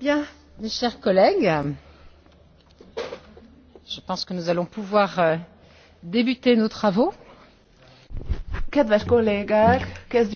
Bien, mes chers collègues, je pense que nous allons pouvoir euh, débuter nos travaux. Kedves kollégák, kezdjük